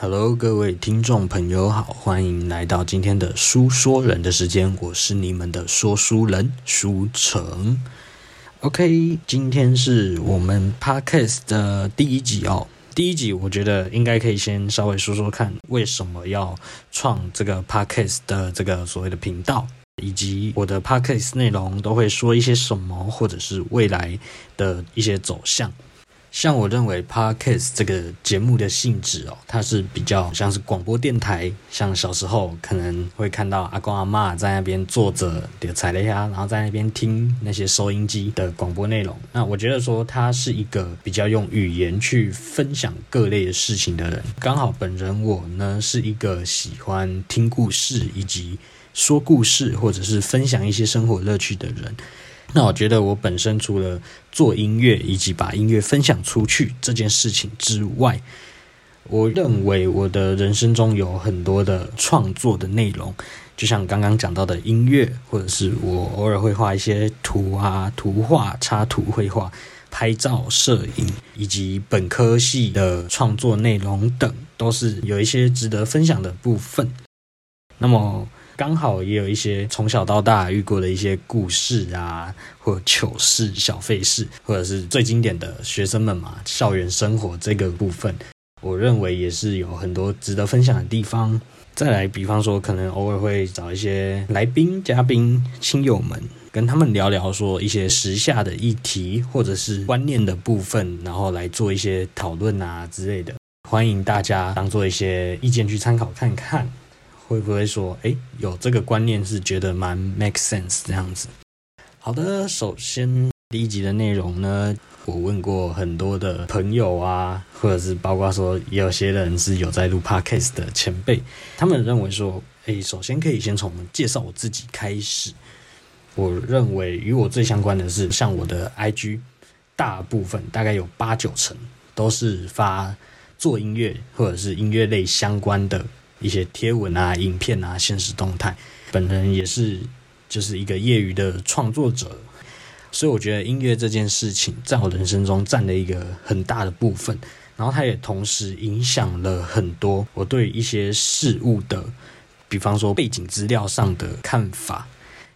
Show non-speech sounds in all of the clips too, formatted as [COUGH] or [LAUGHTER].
Hello，各位聽眾朋友好，歡迎來到今天的書說人的時間，我是你們的說書人書成。OK，今天是我們 Podcast 的第一集哦，第一集我覺得應該可以先稍微說說看，為什麼要創這個 Podcast 的這個所謂的頻道，以及我的 Podcast 內容都會說一些什麼，或者是未來的一些走向。像我認為 Podcast 這個節目的性質哦，它是比較像是廣播電台，像小時候可能會看到阿公阿嬤在那邊坐着，點踩了一下，然後在那邊聽那些收音機的廣播內容。那我覺得說它是一個比較用語言去分享各類的事情的人。剛好本人我呢是一個喜歡聽故事以及說故事，或者是分享一些生活樂趣的人。那我覺得，我本身除了做音樂以及把音樂分享出去這件事情之外，我認為我的人生中有很多的創作的內容，就像剛剛講到的音樂，或者是我偶爾會畫一些圖啊、圖畫、插圖、繪畫、拍照、攝影，以及本科系的創作內容等，都是有一些值得分享的部分。那麼。剛好也有一些從小到大遇過的一些故事啊，或糗事、小費事，或者是最經典的學生們嘛，校園生活這個部分，我認為也是有很多值得分享的地方。再來，比方說，可能偶爾會找一些來賓、嘉賓、親友們，跟他們聊聊說一些時下的議題或者是觀念的部分，然後來做一些討論啊之類的，歡迎大家當做一些意見去參考看看。會不會說，哎，有這個觀念是覺得蠻 make sense 這樣子。好的，首先第一集的內容呢，我問過很多的朋友啊，或者是包括說，也有些人是有在錄 Podcast 的前輩，他們認為說，哎，首先可以先從介紹我自己開始。我認為與我最相關的是，像我的 IG，大部分大概有八九成都是發做音樂或者是音樂類相關的。一些貼文啊、影片啊、現實動態，本人也是就是一個業餘的創作者，所以我覺得音樂這件事情在我人生中佔了一個很大的部分，然後他也同時影響了很多我對一些事物的，比方說背景資料上的看法，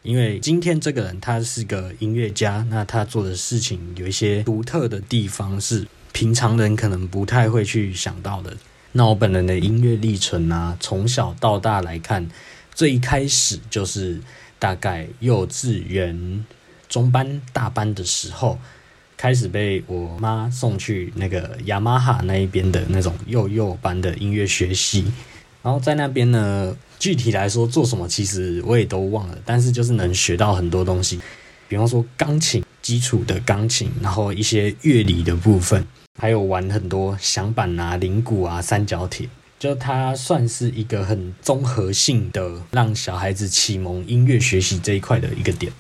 因為今天這個人他是個音樂家，那他做的事情有一些獨特的地方，是平常人可能不太會去想到的。那我本人的音樂歷程啊，從小到大來看，最開始就是大概幼稚園中班、大班的時候，開始被我媽送去那個雅馬哈那一邊的那種幼幼班的音樂學習。然後在那邊呢，具體來說做什麼，其實我也都忘了。但是就是能學到很多東西，比方說鋼琴基礎的鋼琴，然後一些樂理的部分。還有玩很多響板啊、鈴鼓啊、三角鐵，就它算是一個很綜合性的，讓小孩子啟蒙音樂學習這一塊的一個點。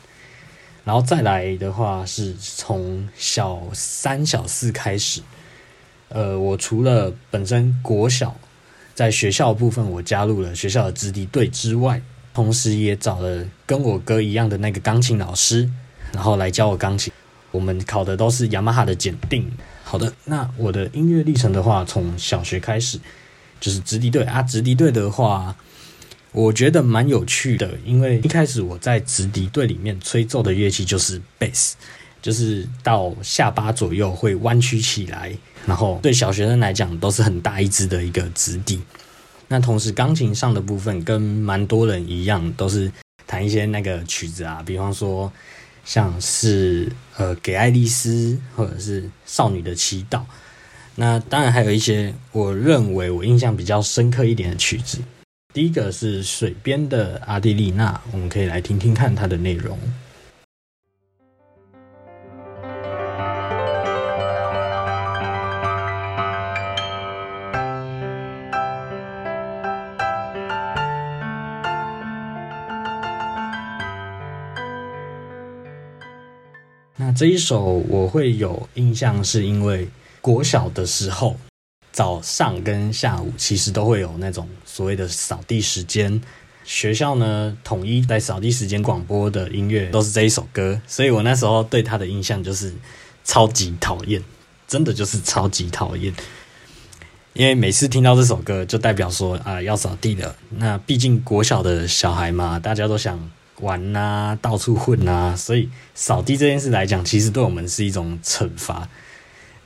然後再來的話，是從小三、小四開始，呃，我除了本身國小在學校部分，我加入了學校的直笛隊，之外，同時也找了跟我哥一樣的那個鋼琴老師，然後來教我鋼琴。我們考的都是雅馬哈的檢定。好的，那我的音樂歷程的話，從小學開始就是直笛隊啊，直笛隊的話，我覺得蠻有趣的，因為一開始我在直笛隊裡面吹奏的樂器就是貝斯，就是到下巴左右會彎曲起來，然後對小學生來講都是很大一支的一個直笛。那同時鋼琴上的部分，跟蠻多人一樣，都是彈一些那個曲子啊，比方說。像是呃，給愛麗絲，或者是少女的祈禱。那當然還有一些，我認為我印象比較深刻一點的曲子。第一個是水邊的阿狄麗娜，我們可以來聽聽看它的內容。這一首我會有印象，是因為國小的時候，早上跟下午其實都會有那種所謂的掃地時間，學校呢統一在掃地時間廣播的音樂都是這一首歌，所以我那時候對他的印象就是超級討厭，真的就是超級討厭，因為每次聽到這首歌，就代表說啊要掃地了。那畢竟國小的小孩嘛，大家都想。玩吶、啊，到處混吶、啊，所以掃地這件事來講，其實對我們是一種懲罰。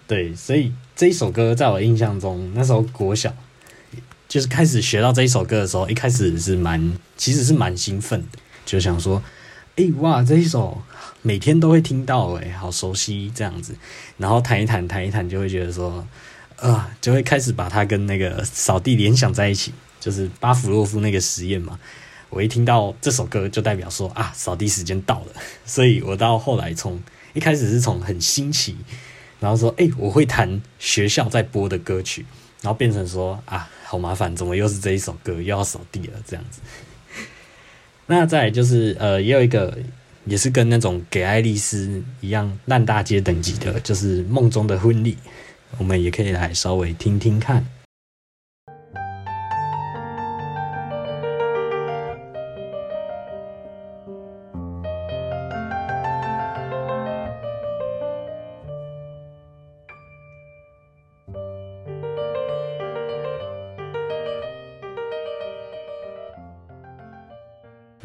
對，所以這一首歌在我印象中，那時候國小就是開始學到這一首歌的時候，一開始是蠻，其實是蠻興奮的，就想說，哎、欸、哇，這一首每天都會聽到、欸，哎，好熟悉這樣子。然後彈一彈，彈一彈，就會覺得說，啊、呃，就會開始把它跟那個掃地聯想在一起，就是巴甫洛夫那個實驗嘛。我一聽到這首歌，就代表說啊，掃地時間到了。所以我到後來，從一開始是從很新奇，然後說，哎、欸，我會彈學校在播的歌曲，然後變成說，啊，好麻煩，怎麼又是這一首歌，又要掃地了這樣子。那再來就是，呃，也有一個，也是跟那種給愛麗絲一樣爛大街等級的，就是《夢中的婚禮》，我們也可以來稍微聽聽看。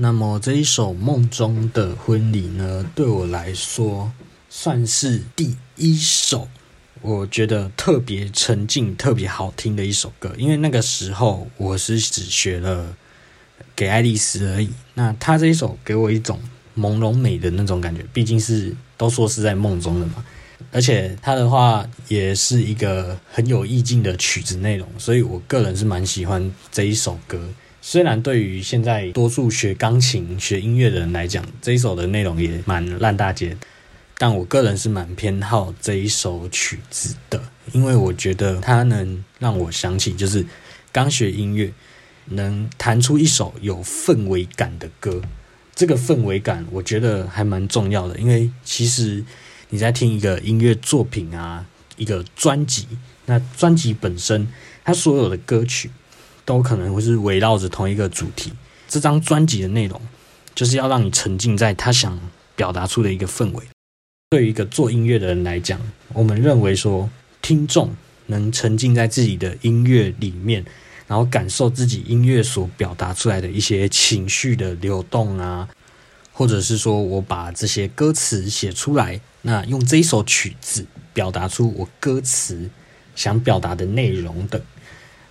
那麼這一首《夢中的婚禮》呢，對我來說算是第一首，我覺得特別沉靜、特別好聽的一首歌。因為那個時候我是只學了《給愛麗絲》而已，那他這一首給我一種朦朧美的那種感覺，畢竟是都說是在夢中的嘛，而且他的話也是一個很有意境的曲子內容，所以我個人是蠻喜歡這一首歌。雖然對於現在多數學鋼琴、學音樂的人來講，這一首的內容也蠻爛大街，但我個人是蠻偏好這一首曲子的，因為我覺得它能讓我想起，就是剛學音樂能彈出一首有氛圍感的歌，這個氛圍感我覺得還蠻重要的，因為其實你在聽一個音樂作品啊，一個專輯，那專輯本身它所有的歌曲。都可能會是圍繞着同一個主題。這張專輯的內容，就是要讓你沉浸在他想表達出的一個氛圍。對於一個做音樂的人來講，我們認為說，聽眾能沉浸在自己的音樂裡面，然後感受自己音樂所表達出來的一些情緒的流動啊，或者是說我把這些歌詞寫出來，那用這一首曲子表達出我歌詞想表達的內容的。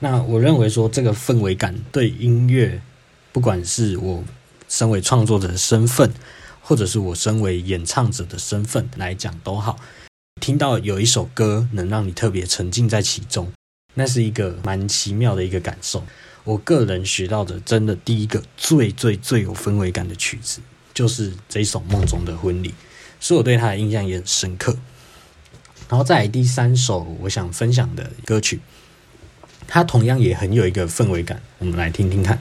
那我認為說，這個氛圍感對音樂，不管是我身為創作者的身份，或者是我身為演唱者的身份來講都好，聽到有一首歌能讓你特別沉浸在其中，那是一個蠻奇妙的一個感受。我個人學到的真的第一個最最最最有氛圍感的曲子，就是這一首《夢中的婚禮》，所以我對它的印象也很深刻。然後再來第三首，我想分享的歌曲。它同樣也很有一個氛圍感，我們來聽聽看。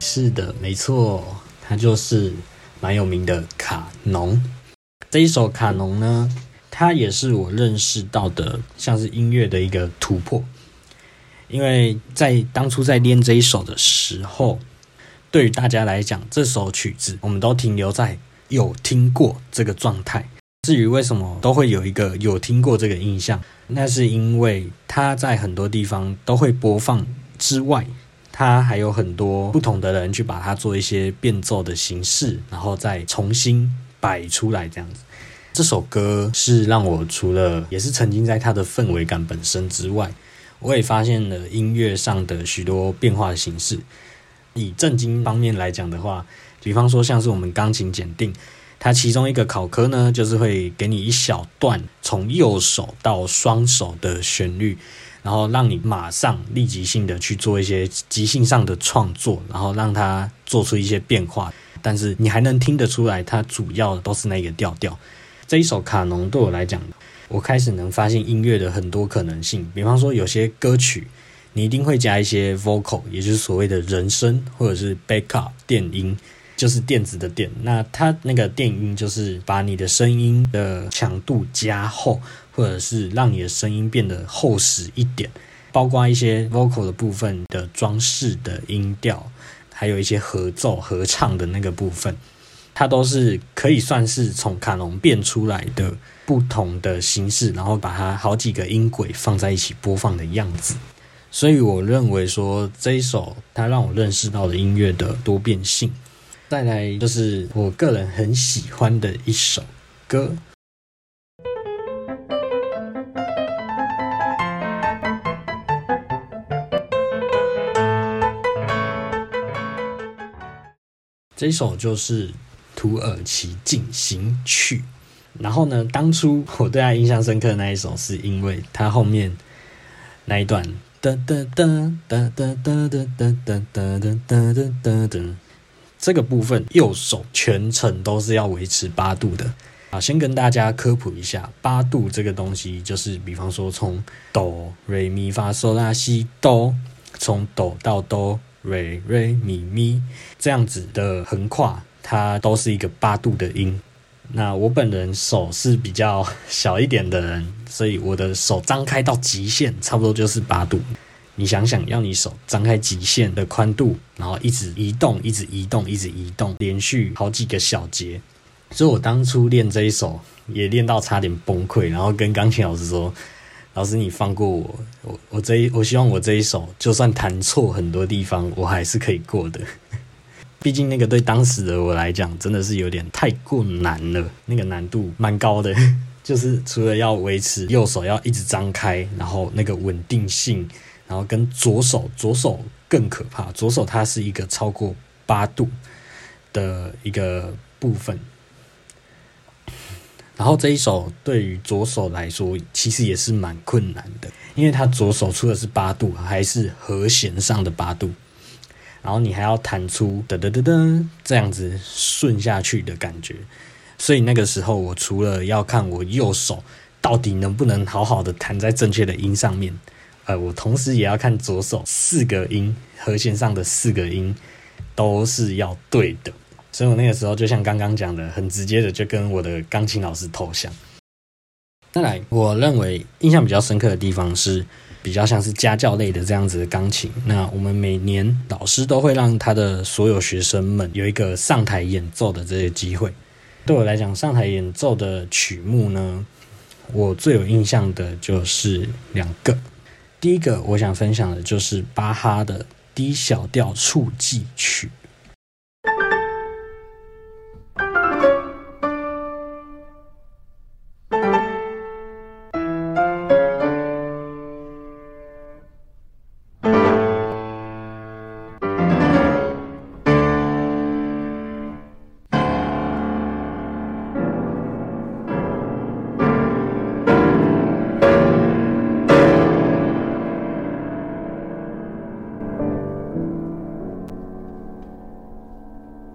是的，沒錯，它就是蠻有名的《卡農》。這一首《卡農》呢，它也是我認識到的，像是音樂的一個突破。因為在當初在練這一首的時候，對於大家來講，這首曲子我們都停留在有聽過這個狀態。至於為什麼都會有一個有聽過這個印象，那是因為它在很多地方都會播放之外，它還有很多不同的人去把它做一些變奏的形式，然後再重新。擺出來這樣子，這首歌是讓我除了也是沉浸在它的氛圍感本身之外，我也發現了音樂上的許多變化的形式。以正經方面來講的話，比方說像是我們鋼琴檢定，它其中一個考科呢，就是會給你一小段從右手到雙手的旋律，然後讓你馬上立即性的去做一些即興上的創作，然後讓它做出一些變化。但是你還能聽得出來，它主要的都是那個調調。這一首卡農對我來講，我開始能發現音樂的很多可能性。比方說，有些歌曲你一定會加一些 vocal，也就是所謂的人聲，或者是 backup 電音，就是電子的電。那它那個電音就是把你的聲音的強度加厚，或者是讓你的聲音變得厚實一點，包括一些 vocal 的部分的裝飾的音調。還有一些合奏、合唱的那個部分，它都是可以算是從卡農變出來的不同的形式，然後把它好幾個音軌放在一起播放的樣子。所以我認為說這一首它讓我認識到了音樂的多變性，再來就是我個人很喜歡的一首歌。這首就是《土耳其進行曲》，然後呢，當初我對他印象深刻的那一首，是因為他後面那一段，噠噠噠噠噠噠噠噠噠噠噠，這個部分右手全程都是要維持八度的啊。好，先跟大家科普一下，八度這個東西，就是比方說從哆、瑞、咪、發、嗦、拉、西、哆，從哆到哆。瑞瑞咪咪這樣子的橫跨，它都是一個八度的音。那我本人手是比較小一點的人，所以我的手張開到極限，差不多就是八度。你想想要你手張開極限的寬度，然後一直移動，一直移動，一直移動，連續好幾個小節。所以我當初練這一首，也練到差點崩潰，然後跟鋼琴老師說。老師，你放過我，我我這一，我希望我這一首就算彈錯很多地方，我還是可以過的。畢 [LAUGHS] 竟那個對當時的我來講，真的是有點太過難了，那個難度蠻高的。 [LAUGHS] 就是除了要維持右手要一直張開，然後那個穩定性，然後跟左手，左手更可怕，左手它是一個超過八度的一個部分。然後這一首對於左手來說，其實也是蠻困難的，因為他左手出的是八度，還是和絃上的八度，然後你還要彈出噔噔噔噔這樣子順下去的感覺，所以那個時候我除了要看我右手到底能不能好好的彈在正確的音上面，呃，我同時也要看左手四個音，和絃上的四個音都是要對的。所以，我那個時候就像剛剛講的，很直接的就跟我的鋼琴老師投降。當然，我認為印象比較深刻的地方是，比較像是家教類的這樣子的鋼琴。那我們每年老師都會讓他的所有學生們有一個上台演奏的這個機會。對我來講，上台演奏的曲目呢，我最有印象的就是兩個。第一個，我想分享的就是巴哈的《D 小調觸技曲》。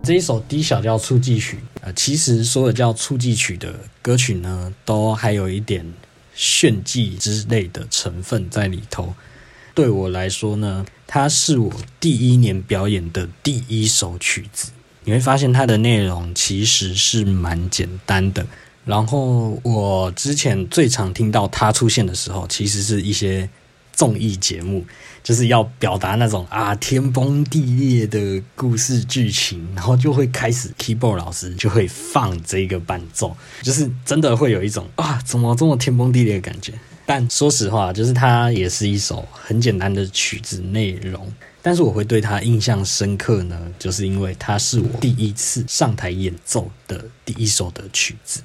這一首 D 小調初級曲，其實所有叫初級曲的歌曲呢，都還有一點炫技之類的成分在裡頭。對我來說呢，它是我第一年表演的第一首曲子。你會發現它的內容其實是蠻簡單的。然後我之前最常聽到它出現的時候，其實是一些綜藝節目。就是要表達那種啊天崩地裂的故事劇情，然後就會開始，keyboard 老師就會放這個伴奏，就是真的會有一種啊怎麼這麼天崩地裂的感覺。但說實話，就是它也是一首很簡單的曲子內容，但是我會對它印象深刻呢，就是因為它是我第一次上台演奏的第一首的曲子。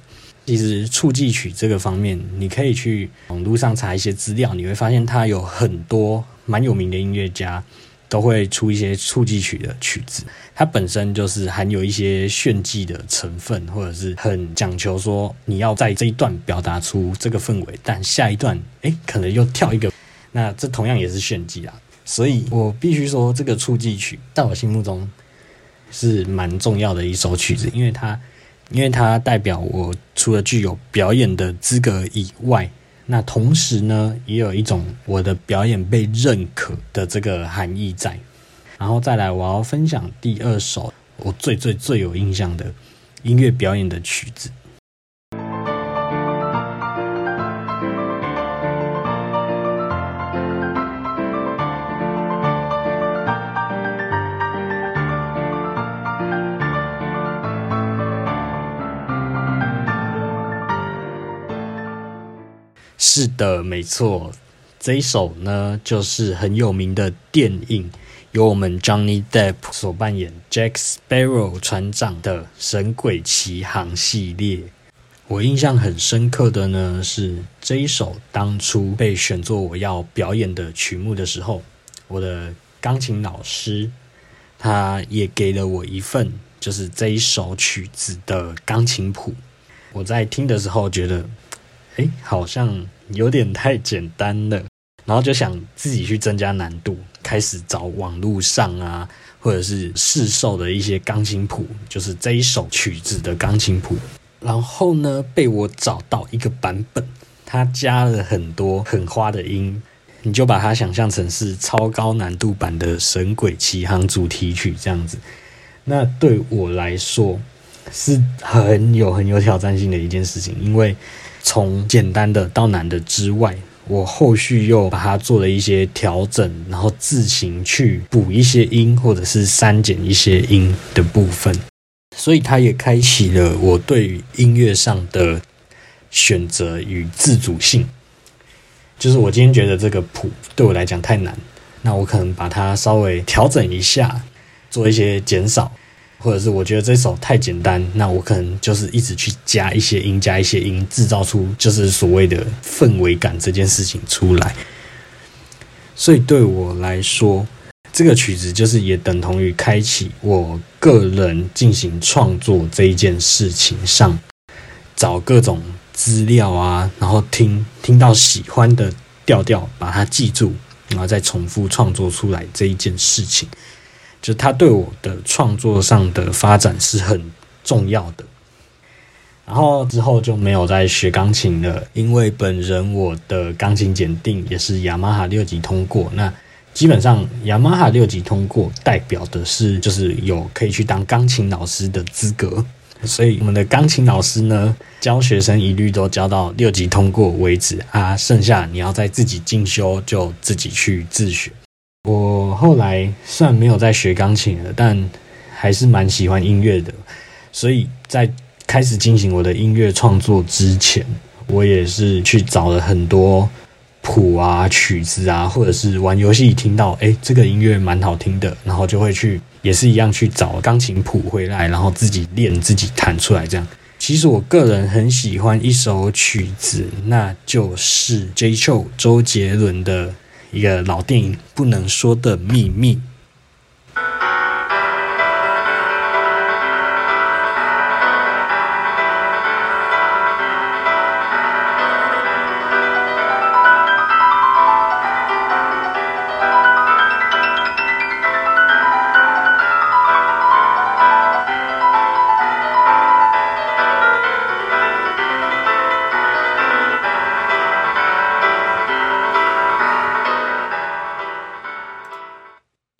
其實觸技曲這個方面，你可以去網絡上查一些資料，你會發現它有很多。蠻有名的音樂家都會出一些觸技曲的曲子，它本身就是含有一些炫技的成分，或者是很講求說你要在這一段表達出這個氛圍，但下一段哎、欸、可能又跳一個，那這同樣也是炫技啊。所以，我必須說，這個觸技曲在我心目中是蠻重要的一首曲子，因為它因為它代表我除了具有表演的資格以外。那同時呢，也有一種我的表演被認可的這個含義在。然後再來，我要分享第二首我最最最有印象的音樂表演的曲子。是的，沒錯，這一首呢，就是很有名的電影，由我們 Johnny Depp 所扮演 Jack Sparrow 船長的《神鬼奇航》系列。我印象很深刻的呢，是這一首當初被選作我要表演的曲目的時候，我的鋼琴老師他也給了我一份就是這一首曲子的鋼琴譜。我在聽的時候覺得。欸、好像有點太簡單了，然後就想自己去增加難度，開始找網路上啊，或者是市售的一些鋼琴譜，就是這一首曲子的鋼琴譜。然後呢，被我找到一個版本，它加了很多很花的音，你就把它想象成是超高難度版的《神鬼奇航》主題曲這樣子。那對我來說是很有很有挑戰性的一件事情，因為。從簡單的到難的之外，我後續又把它做了一些調整，然後自行去補一些音，或者是刪減一些音的部分，所以它也開啟了我對於音樂上的選擇與自主性。就是我今天覺得這個譜對我來講太難，那我可能把它稍微調整一下，做一些減少。或者是我覺得這首太簡單，那我可能就是一直去加一些音，加一些音，製造出就是所謂的氛圍感這件事情出來。所以對我來說，這個曲子就是也等同於開啟我個人進行創作這一件事情上，找各種資料啊，然後聽聽到喜歡的調調，把它記住，然後再重複創作出來這一件事情。就他對我的創作上的發展是很重要的，然後之後就沒有再學鋼琴了，因為本人我的鋼琴檢定也是雅馬哈六級通過，那基本上雅馬哈六級通過代表的是就是有可以去當鋼琴老師的資格，所以我們的鋼琴老師呢，教學生一律都教到六級通過為止啊，剩下你要再自己進修就自己去自學。我後來雖然沒有再學鋼琴了，但還是蠻喜歡音樂的。所以在開始進行我的音樂創作之前，我也是去找了很多譜啊、曲子啊，或者是玩遊戲聽到，哎、欸，這個音樂蠻好聽的，然後就會去也是一樣去找鋼琴譜回來，然後自己練、自己彈出來這樣。其實我個人很喜歡一首曲子，那就是 Jay Chou 周杰倫的。一個老電影不能說的秘密。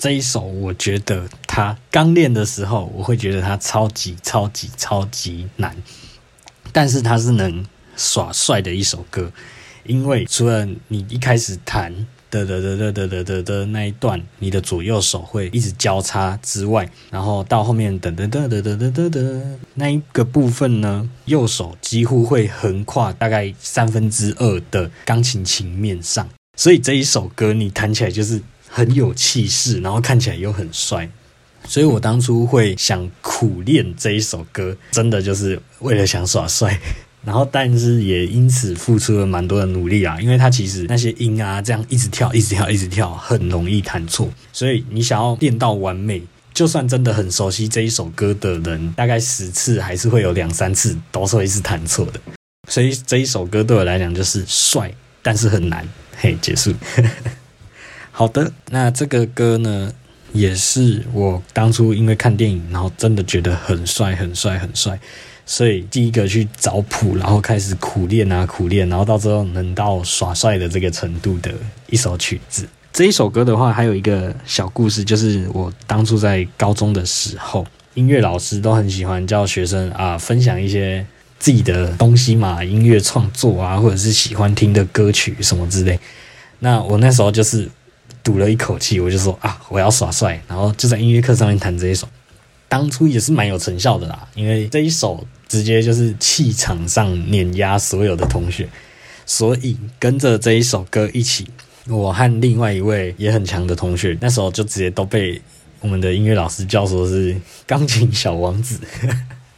這一首，我覺得它剛練的時候，我會覺得它超級超級超級難，但是它是能耍帥的一首歌，因為除了你一開始彈的的的的的的的那一段，你的左右手會一直交叉之外，然後到後面等等等等等等等那一個部分呢，右手幾乎會橫跨大概三分之二的鋼琴琴面上，所以這一首歌你彈起來就是。很有氣勢，然後看起來又很帥，所以我當初會想苦練這一首歌，真的就是為了想耍帥。 [LAUGHS] 然後，但是也因此付出了蠻多的努力啊，因為它其實那些音啊，這樣一直跳，一直跳，一直跳，很容易彈錯。所以你想要練到完美，就算真的很熟悉這一首歌的人，大概十次還是會有兩三次，都是會一次彈錯的。所以這一首歌對我來講就是帥，但是很難。嘿，結束。 [LAUGHS] 好的，那這個歌呢，也是我當初因為看電影，然後真的覺得很帥、很帥、很帥，所以第一個去找譜，然後開始苦練啊，苦練，然後到最後能到耍帥的這個程度的一首曲子。這一首歌的話，還有一個小故事，就是我當初在高中的時候，音樂老師都很喜歡叫學生啊分享一些自己的東西嘛，音樂創作啊，或者是喜歡聽的歌曲什麼之類。那我那時候就是。賭了一口氣，我就說啊，我要耍帥，然後就在音樂課上面彈這一首，當初也是蠻有成效的啦，因為這一首直接就是氣場上碾壓所有的同學，所以跟着這一首歌一起，我和另外一位也很強的同學，那時候就直接都被我們的音樂老師叫說是鋼琴小王子，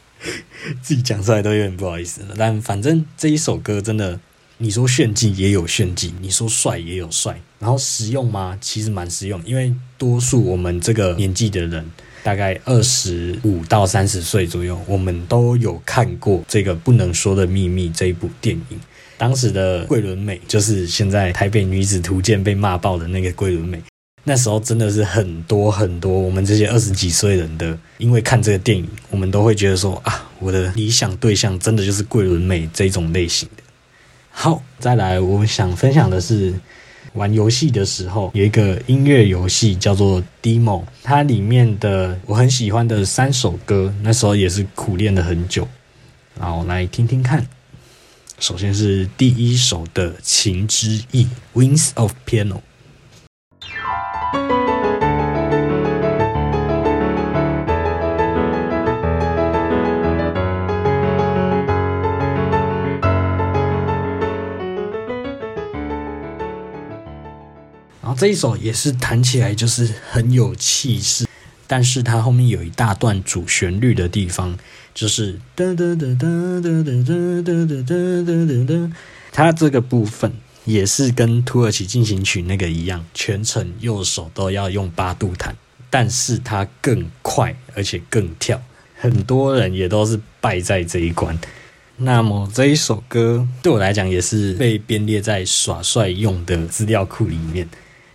[LAUGHS] 自己講出來都有點不好意思了，但反正這一首歌真的。你說炫技也有炫技，你說帥也有帥，然後實用嗎？其實蠻實用，因為多數我們這個年紀的人，大概二十五到三十歲左右，我們都有看過這個《不能說的秘密》這一部電影。當時的桂綸鎂，就是現在《台北女子圖鑑》被罵爆的那個桂綸鎂，那時候真的是很多很多我們這些二十幾歲人的，因為看這個電影，我們都會覺得說啊，我的理想對象真的就是桂綸鎂這一種類型的。好，再來，我想分享的是，玩遊戲的時候有一個音樂遊戲叫做 Demo，它裡面的我很喜歡的三首歌，那時候也是苦練了很久，然後來聽聽看。首先是第一首的《情之翼》Wings of Piano。這一首也是彈起來就是很有氣勢，但是它後面有一大段主旋律的地方，就是噔噔噔噔噔噔噔噔噔噔噔噔，它這個部分也是跟土耳其進行曲那個一樣，全程右手都要用八度彈，但是它更快而且更跳，很多人也都是敗在這一關。那麼這一首歌對我來講也是被編列在耍帥用的資料庫裡面。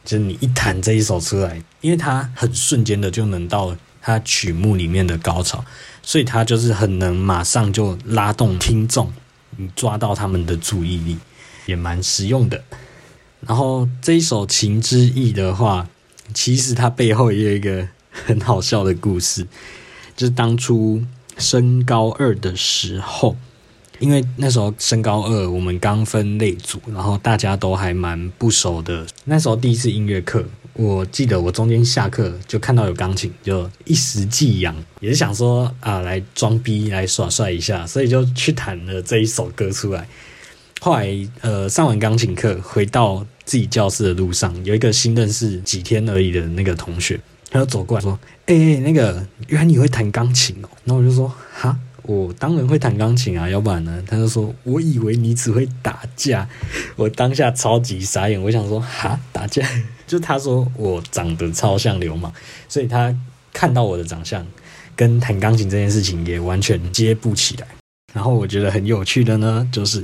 就是你一彈這一首出來，因為它很瞬間的就能到它曲目裡面的高潮，所以它就是很能馬上就拉動聽眾，你抓到他們的注意力，也蠻實用的。然後這一首《情之意》的話，其實它背後也有一個很好笑的故事，就是當初升高二的時候。因為那時候升高二，我們剛分類組，然後大家都還蠻不熟的。那時候第一次音樂課，我記得我中間下課就看到有鋼琴，就一時技癢，也是想說啊，來裝逼，來耍帥一下，所以就去彈了這一首歌出來。後來呃，上完鋼琴課，回到自己教室的路上，有一個新認識幾天而已的那個同學，他就走過來說：“哎、欸，那個原來你會彈鋼琴哦。”然後我就說：“哈。”我、哦，當然會彈鋼琴啊，要不然呢？他就說：“我以為你只會打架。”我當下超級傻眼，我想說：“哈，打架？”就他說我長得超像流氓，所以他看到我的長相跟彈鋼琴這件事情也完全接不起來。然後我覺得很有趣的呢，就是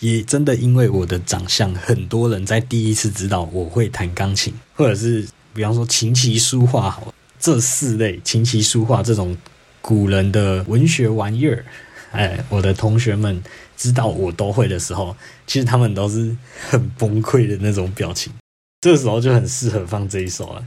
也真的因為我的長相，很多人在第一次知道我會彈鋼琴，或者是比方說琴棋書畫好這四類，琴棋書畫這種。古人的文學玩意兒，哎、欸，我的同學們知道我都會的時候，其實他們都是很崩潰的那種表情。這個時候就很適合放這一首了。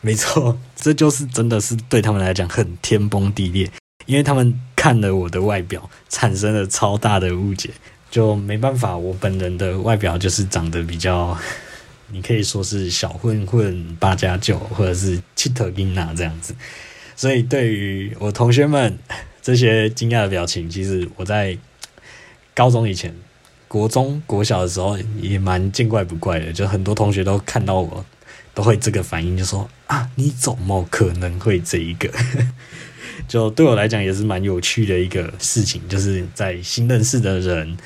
沒錯，這就是真的是對他們來講很天崩地裂，因為他們看了我的外表產生了超大的誤解，就沒辦法。我本人的外表就是長得比較。你可以說是小混混八加九，或者是七逃囝仔這樣子，所以對於我同學們這些驚訝的表情，其實我在高中以前，國中國小的時候也蠻見怪不怪的，就很多同學都看到我都會這個反應，就說啊，你怎麼可能會這一個？ [LAUGHS] 就對我來講也是蠻有趣的一個事情，就是在新認識的人。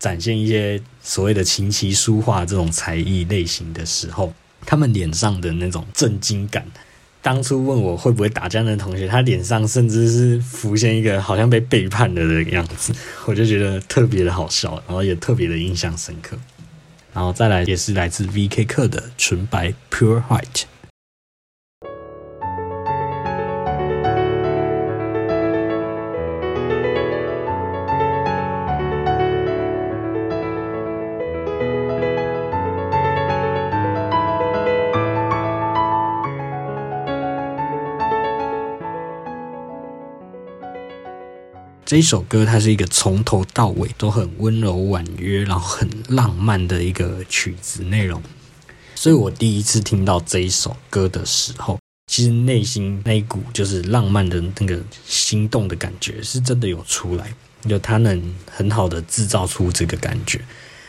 展現一些所謂的琴棋書畫這種才藝類型的時候，他們臉上的那種震驚感。當初問我會不會打架的同學，他臉上甚至是浮現一個好像被背叛了的樣子，我就覺得特別的好笑，然後也特別的印象深刻。然後再來也是來自 V.K 克的純白 Pure White。這一首歌，它是一個從頭到尾都很溫柔婉約，然後很浪漫的一個曲子內容。所以我第一次聽到這一首歌的時候，其實內心那一股就是浪漫的那個心動的感覺，是真的有出來。就他能很好的制造出這個感覺。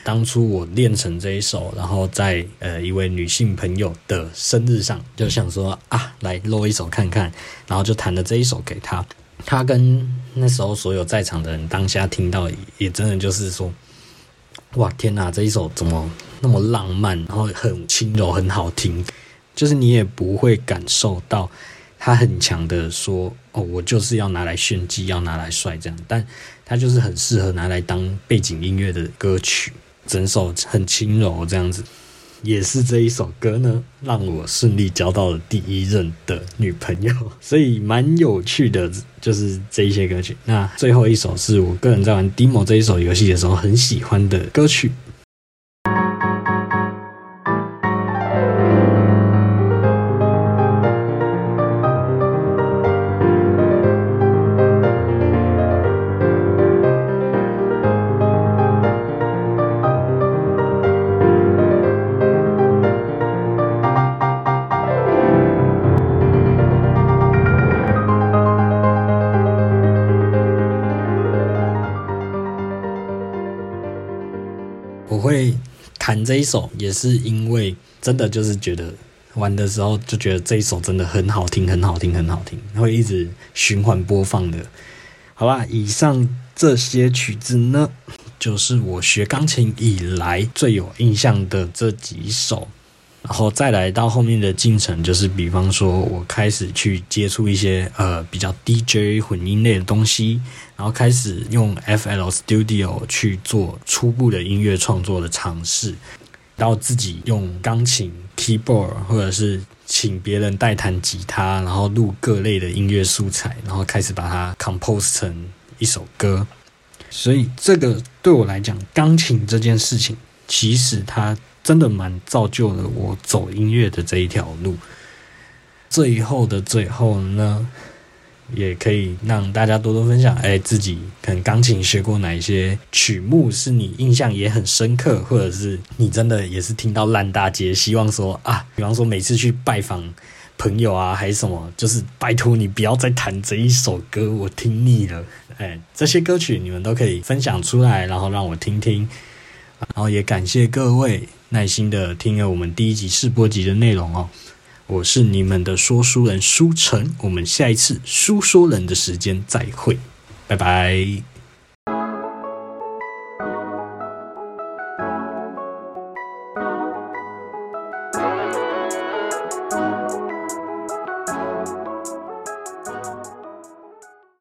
當初我練成這一首，然後在呃一位女性朋友的生日上，就想說啊，來露一手看看，然後就彈了這一首給她，她跟。那時候所有在場的人當下聽到，也真的就是說，哇天哪，這一首怎麼那麼浪漫，然後很輕柔，很好聽，就是你也不會感受到他很強的說，哦，我就是要拿來炫技，要拿來帥這樣，但他就是很適合拿來當背景音樂的歌曲，整首很輕柔這樣子。也是這一首歌呢，讓我順利交到了第一任的女朋友，所以蠻有趣的，就是這一些歌曲。那最後一首是我個人在玩《Deemo》這一首遊戲的時候很喜歡的歌曲。彈這一首也是因為真的就是覺得玩的時候就覺得這一首真的很好聽，很好聽，很好聽，會一直循環播放的。好吧，以上這些曲子呢，就是我學鋼琴以來最有印象的這幾首。然後再來到後面的進程，就是比方說，我開始去接觸一些呃比較 DJ 混音類的東西，然後開始用 FL Studio 去做初步的音樂創作的嘗試，然後自己用鋼琴 Keyboard 或者是請別人代彈吉他，然後錄各類的音樂素材，然後開始把它 compose 成一首歌。所以這個對我來講，鋼琴這件事情，其實它。真的蠻造就了我走音樂的這一條路。最後的最後呢，也可以讓大家多多分享，哎，自己可能鋼琴學過哪一些曲目，是你印象也很深刻，或者是你真的也是聽到爛大街，希望說啊，比方說每次去拜訪朋友啊，還是什麼，就是拜託你不要再彈這一首歌，我聽膩了。哎，這些歌曲你們都可以分享出來，然後讓我聽聽，然後也感謝各位，耐心的聽了我們第一集試播集的內容哦，我是你們的說書人舒成，我們下一次書說人的時間再會，拜拜。